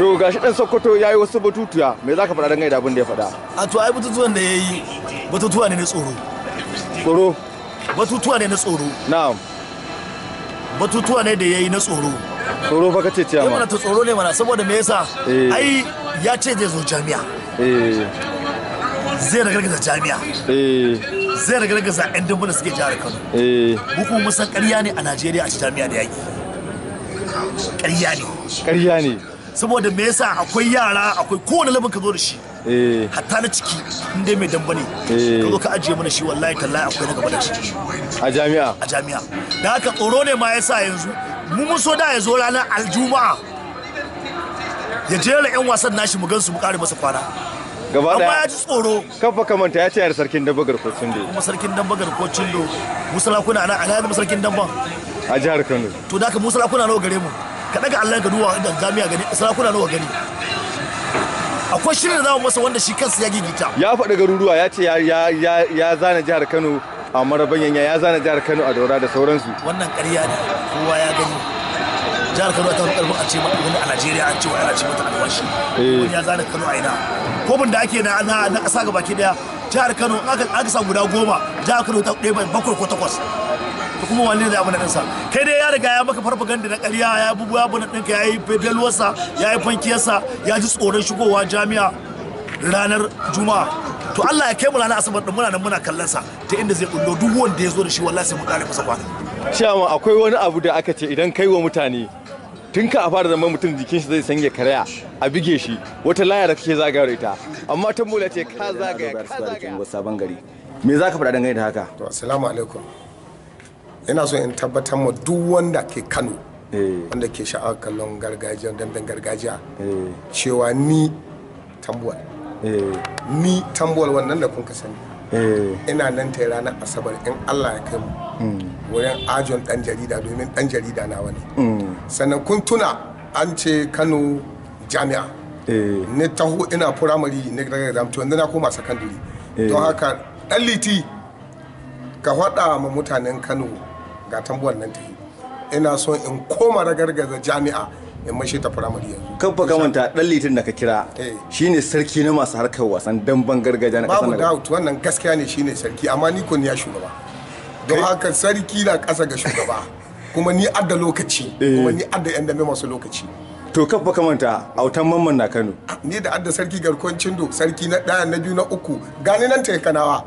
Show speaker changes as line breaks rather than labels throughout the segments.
to gashi dan sokoto yayi wasu batutuwa me zaka faɗa dangane da abin da ya faɗa
a to ai batutuwan da yayi batutuwa ne na tsoro tsoro batutuwa ne na tsoro na'am batutuwa ne da yayi na tsoro tsoro fa kace ciya ma mana to tsoro ne mana saboda me yasa eh. ai ya ce zai zo jami'a eh zai ragargaza jami'a eh. zai ragargaza 'yan dambu da suke jihar kano buku eh. musan karya ne a najeriya a ci jami'a da yaki ƙarya ne karya ne saboda me yasa akwai yara akwai kowane labin ka zo da shi eh. hatta na ciki in dai mai damba ne eh. ka zo ka ajiye mana shi wallahi tallahi akwai na gaba da shi a jami'a a jami'a da haka tsoro ne ma yasa yanzu mu mun so da ya zo ranar aljuma'a ya jera yan wasan nashi mu gansu mu kare masa kwana
gaba daya ya ji tsoro kafa kamanta ya ce yar sarkin damba garkocin do
kuma sarkin damba garkocin do musala kuna nan alhaji sarkin damba a jihar Kano to da haka musala kuna nawa gare mu ka Allah ka duwa da jami'a gani sarakuna nawa gani akwai shirin da zamu masa wanda shi kansa ya gigita
ya faɗi garuruwa ya ce ya zana jihar Kano a maraban yanya ya zana jihar Kano a daura da sauransu
wannan ƙarya ne kowa ya gani jihar Kano ta karfin a ce ma wani a Najeriya an ce wa ana ce mata alwashi eh. wani ya zana Kano a ina bin da ake na na ƙasa gabaki daya jihar Kano aka samu guda goma jihar Kano ta ɗaya bakwai ko takwas to kuma wanne zai abu na ɗinsa kai dai ya riga ya maka farfaganda na ƙarya ya bubu ya na ɗinka ya yi bebeluwarsa ya yi fankiyarsa ya ji tsoron shigowa jami'a ranar juma'a to Allah ya kai mu ranar asabar da muna nan muna kallon sa ta inda zai kullo duk wanda ya zo da shi wallahi sai mu kare masa kwana
ciyaman akwai wani abu da aka ce idan kai wa mutane tun ka a fara zama mutum jikin shi zai sanya karaya a bige shi wata laya da kake zagaya da ita amma ta mula ce ka zagaya ka zagaya sabon gari me zaka
faɗa dangane da haka to assalamu alaikum ina so in tabbatar ma duk wanda ke kano eh. wanda ke sha'awar kallon gargajiya dandan gargajiya eh. cewa ni tambuwal eh. ni tambuwal wannan da kun ka sani ina nan ta ranar asabar in allah ya kai mu hmm. wurin ajon dan jarida domin dan jarida na wani hmm. sannan kun tuna an ce kano jami'a ne taho ina firamare ne daga zamto wanda na koma secondary don haka dan liti ka faɗa ma mutanen kano ga tambuwan nan ta yi ina son in koma gargaza jami'a in mashi ta firamare yanzu
kan fa kamanta dan litin da ka kira eh. shine sarki na masu harkar wasan damban gargajiya na kasar babu doubt
wannan gaskiya ne shine sarki amma ni ko ni ya shugaba don haka sarki na kasa ga shugaba kuma ni adda lokaci eh. kuma ni adda yan dame masu lokaci to kan fa kamanta autan mamman na Kano ah, ni da adda sarki garkon cindo sarki na daya na biyu na uku gani nan ta kanawa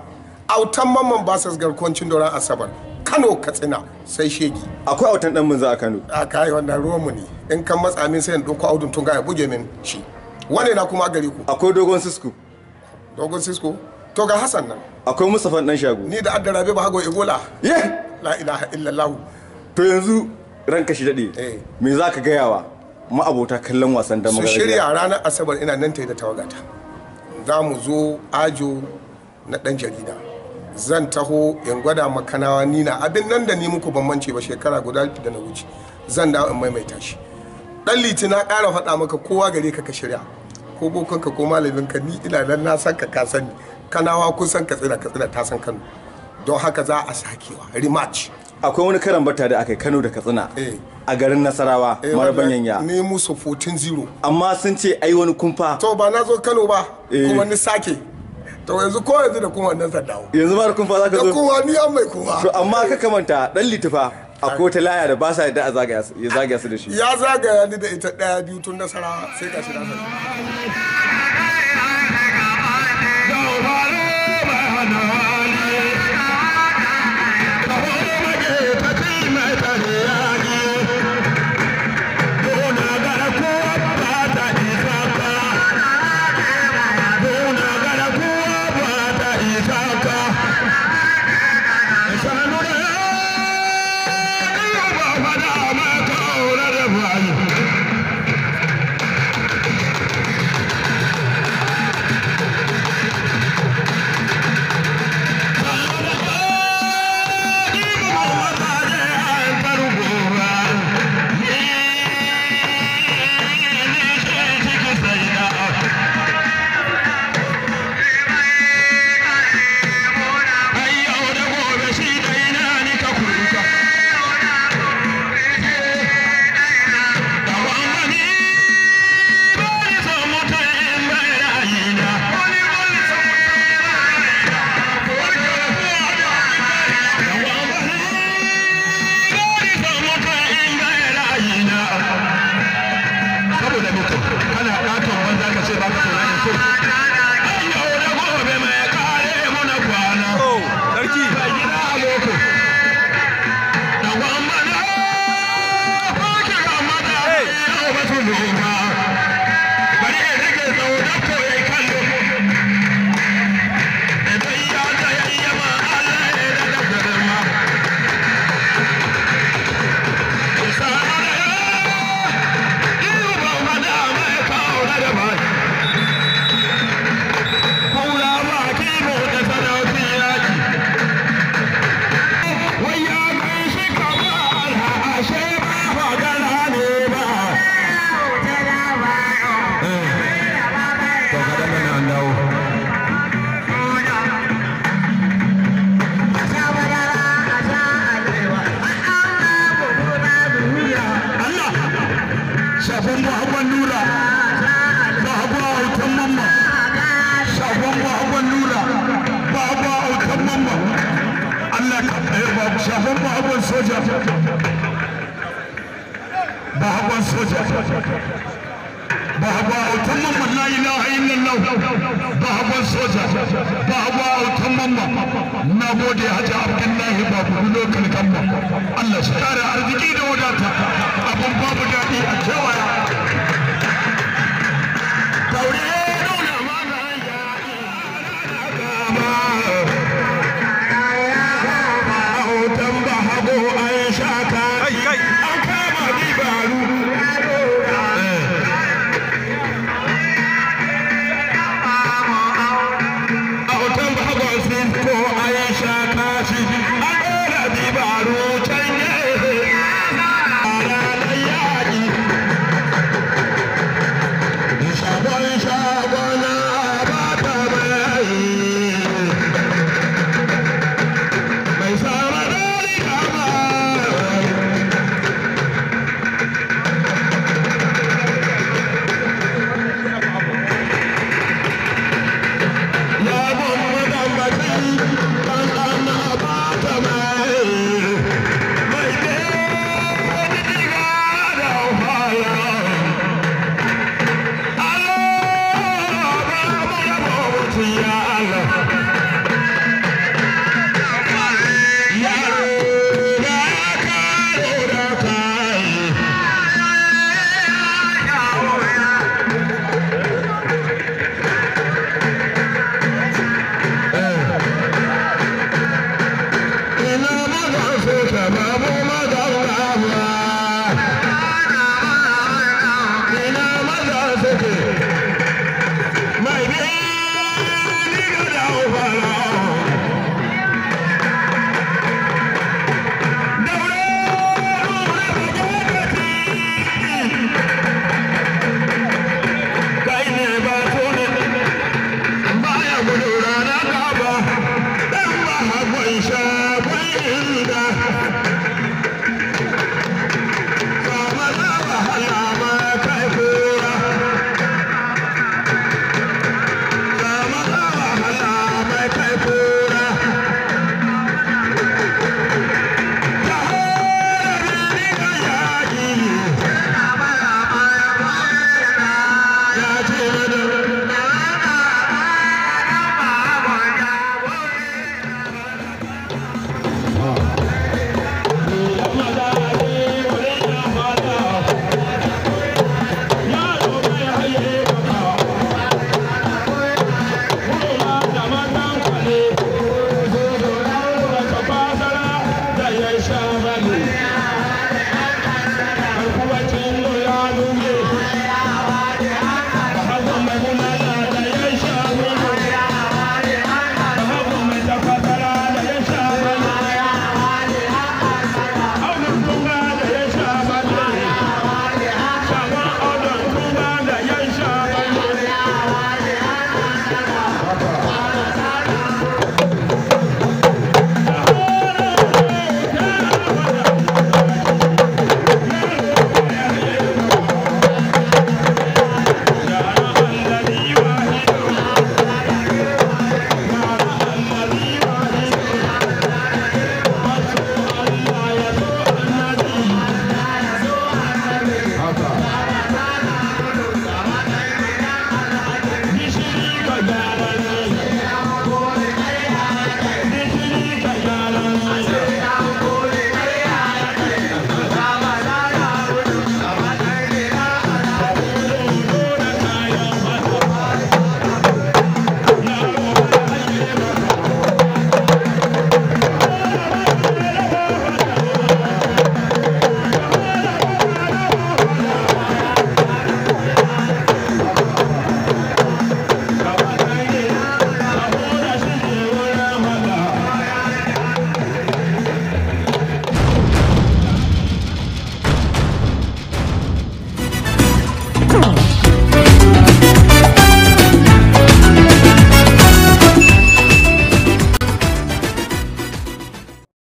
autan mamman basas garkon cindo ran asabar kano katsina sai shegi akwai autan dan munza a kano a kai wannan ruwanmu ne in kan matsa min sai in ɗauko audun tun ya buge min shi wane na kuma gari ku akwai dogon sisko dogon sisko to ga hasan nan akwai mustafa dan shago ni da addarabe ba hago igola ye la ilaha illallah to yanzu ranka shi dade eh. me zaka gayawa ma'abota kallon wasan da magana shirya ranar asabar ina nan tayi da tawagata za mu zo ajo na dan jarida zan taho in gwada makanawa nina abin nan da ni muku bambance ba shekara guda da na wuce zan dawo in maimaita shi dan litina ƙara faɗa maka kowa gare ka ka shirya ko bokanka ko malaminka ni ina nan na san ka ka sani kanawa san ka tsira ka tsira ta san kano don haka za a sakewa rematch akwai wani karan bata da aka kano da katsina eh.
a garin nasarawa eh, maraban yanya
ne musu 14-0 amma sun ce ai wani kumfa to ba na zo kano ba eh. kuma ni sake to yanzu ko yanzu da kuma wannan sadawo yanzu ba da kun
fa za ka zo da kowa ni an mai kowa to amma ka kamanta dan litifa a wata laya da ba sa yadda a zagaya su da shi ya
zagaya ni da ita daya biyu tun nasara sai ka shi nasara
ba hagon soja ba hagon autan mamman la ilaha illallah ba hagon soja ba hagon autan mamman na gode haji abdullahi ba kudu lokal gamba Allah shi kare arziki da wadata abun babu daɗi a kewaya Save